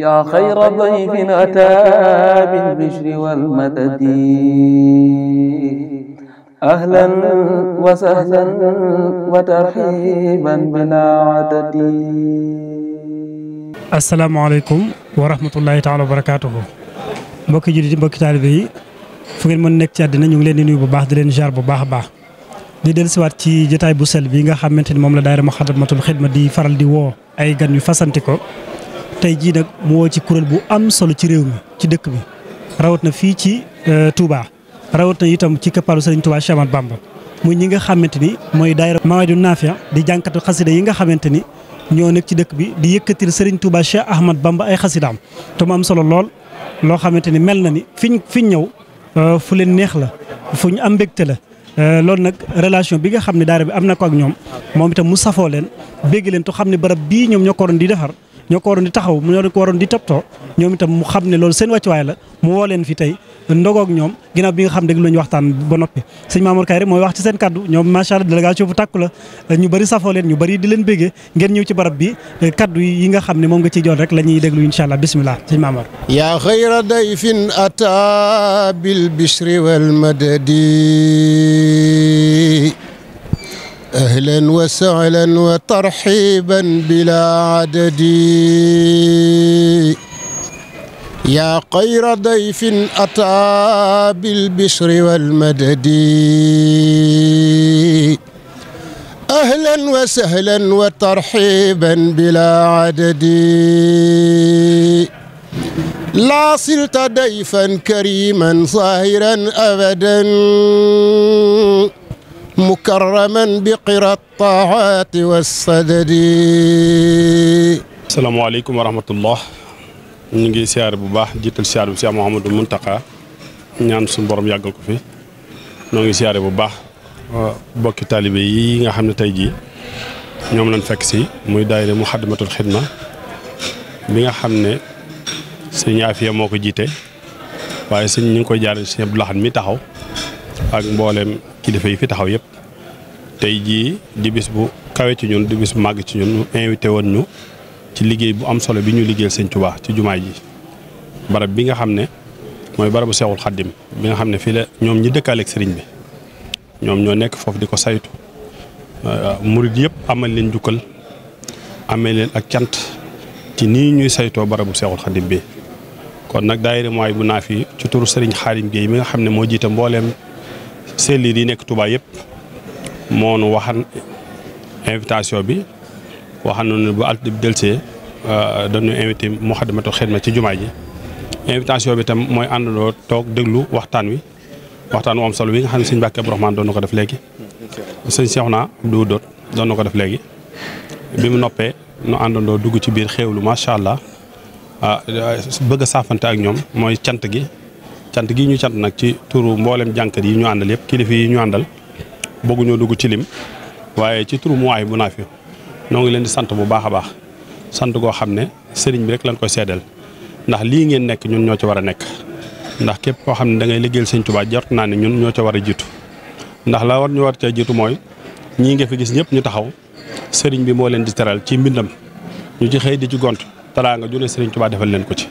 yaa xayra dayfin ataa bil bishri wal madadi wa sahlan wa tarxiiban bilaa adadi. asalaamaaleykum wa rahmatullahi taala wa barakaatuhu. mbokki jullit yi mbokki taalibe yi fu ngeen mën nekk ci àddina ñu ngi leen di nuyu bu baax di leen jaar bu baax a baax. di dellusiwaat ci jataay bu sel bi nga xamante ni moom la daayira Muxaddamatul Xidma di faral di woo ay gan yu fasanti ko. tey jii nag mu woo ci kuréel bu am solo ci réew mi ci dëkk bi rawat na fii ci e, Touba rawat na itam ci këppalu Sëriñ Touba Cheikh Ahmadou Bamba muy ñi nga xamante ni mooy daayira Mawaahibu Naafi' di jànkatu xasida yi nga xamante ni ñoo nekk ci dëkk bi di yëkkatil Sëriñ Touba Cheikh Ahmadou Bamba ay xasidaam te mu am solo lool loo xamante ni mel na ni fiñ fiñ ñëw e, fu leen neex la fu ñu am mbégte la e, loolu nag relation bi nga xam ne daara bi am na ko ak ñoom moom itam safoo leen bégg leen te xam ne barab bii ñoom ñoo ko doon di defar ñoo ko waroon di taxaw mu ñoo ko waroon di toppatoo ñoom itam mu xam ne loolu seen wàccuwaay la mu woo leen fi tey ndogoog ñoom ginnaaw bi nga xam ne lu ñu waxtaan ba noppi sëñ Mamour Kayre mooy wax ci seen kaddu ñoom macha allah délégation bu tàkku la ñu bëri safoo leen ñu bëri di leen béggee ngeen ñëw ci barab bi kaddu yi nga xam ne moom nga ciy joon rek la ñuy déglu incha allah bisimilah sëñ Mamour yaa xayra dayfin ata bil bishri wal madadi أهلا وسهلا وترحيبا بلا عدد يا خير ضيف أتى بالبشر والمدد أهلا وسهلا وترحيبا بلا عدد لا صلت ضيفا كريما صاهرا أبدا mukarraman bi qira taati wassadadi asalaamaaleykum wa rahmatullah ñu ngi siyaare bu baax jiital siyaare bi Cheikh mu Mountakha ñaan suñu borom yàggal ko fi noo ngi siyaare bu baax euh, bokki taalibi yi nga xam ne tey jii ñoom lañ fekk si muy daayira Muxaddamatul Xidma bi nga xam ne sëñ Afiya moo ko jiite waaye sëñ ñu ngi koy jaarale si Abdou Lahad mi taxaw ak mbooleem kilifa yi fi taxaw yépp tey jii di bis bu kawe ci ñun di bis bu màgg ci ñun mu invité woon ñu ci liggéey bu am solo bi ñu liggéeyal Sëñ Tuubaa ci jumaa ji barab bi nga xam ne mooy barabu Seexul Xaddim bi nga xam ne fii la ñoom ñi dëkkaaleeg sëriñ bi ñoom ñoo nekk foofu di ko saytu euh, murid yëpp amal leen jukkal amee leen ak cant ci nii ñuy saytoo barabu Seexul Xaddim bi kon nag daayira mooy bu naa fi ci turu Serigne Xaadim Gueye mi nga xam ne moo jiite mbooleem cellules yi nekk Touba yëpp moo nu waxan invitation bi waxan nañu bu alt bi delsee euh, dañu invité Muxaddamatu Xidma ci jumaa ji invitation bi tam mooy àndandoo toog déglu waxtaan wi waxtaan wu solo wi nga xam ne sëñ Mbàkke doon na ko def léegi sëñ Seexuna Abdu Doot doon na ko def léegi bi mu noppee nu àndandoo dugg ci biir xéewlu macha allah ah, euh, bëgg a saafante ak ñoom mooy cant gi cant gi ñu cant nag ci turu mbooleem jànkat yi ñu àndal yëpp kilifa yi ñu àndal bëgguñoo dugg ci lim waaye ci turu muwaay bu naafi noo ngi leen di sant bu baax a baax sant goo xam ne sëriñ bi rek lañ koy seedeel ndax lii ngeen nekk ñun ñoo ci war a nekk ndax képp koo xam ne da ngay liggéeyal sëñ Tuubaa jot naa ne ñun ñoo ci war a jiitu ndax la war ñu war cee jiitu mooy ñii nga fi gis ñëpp ñu taxaw sëriñ bi moo leen di teral ci mbindam ñu ci xëy di ci gont teraanga ju ne sëriñ Tuubaa defal leen ko ci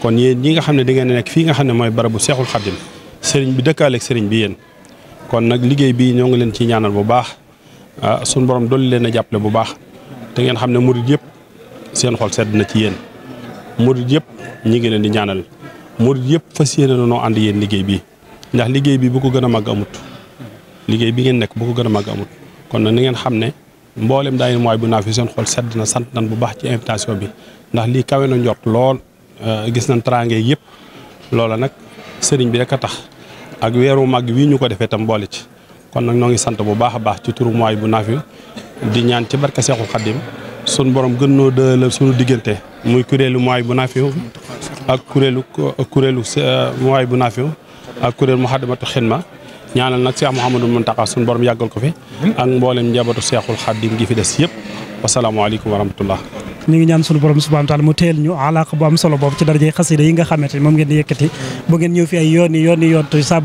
kon yéen ñi nga xam ne di ngeen nekk fii nga xam ne mooy barabu seexul xaddim sëriñ bi dëkkaaleeg sëriñ bi yéen kon nag liggéey bi ñoo ngi leen ci ñaanal bu baax ah, suñu borom dolli leen a jàppale bu baax te ngeen xam ne murid yëpp seen xol sedd na ci yéen murid yëpp ñi ngi leen di ñaanal murid yëpp fas yéene noo ànd yéen liggéey bi ndax liggéey bi bu ko gën a màgg amut liggéey bi ngeen nekk bu ko gën a màgg amut kon nag ni ngeen xam ne mboolem daayira mooy bu naa fi seen xool sedd na sant nan bu baax ci invitation bi ndax lii kawe na lool Euh, gis nañ teraange yëpp loola nag sëriñ bi rek a tax ak weeru mag wii ñu ko defee tam mboole ci kon nag ñoo ngi sant bu baax a baax ci turu mooy bu Nafi di ñaan ci barke Seexul Xaddim sun borom gën noo dëlal sunu diggante muy kuréelu mooy bu Nafi ak kuréelu kuréelu euh, mooy bu Nafi ak kuréelu Muxaddamatu Xidma ñaanal nag mu Cheikh Mouhamadou Mountakha sunu borom yàggal ko fi ak mboolem njabootu Seexul Xaddim gi fi des yëpp wasalaamaaleykum wa rahmatullah ñu ngi ñaan sunu borom subhanahu wa mu teel ñu alaaka bu am solo boobu ci darajey xasida yi nga xamante moom ngeen di yëkkati bu ngeen ñëw fi ay yoon yi yoon yi yoon te saa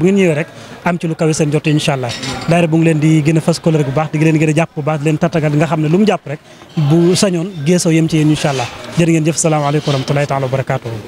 nga xam ne lu mu jàpp rek bu sañoon geesoo yem ci yéen incha allah ngeen jëf salaamaaleykum wa rahmatulahi taala wa barakatuhu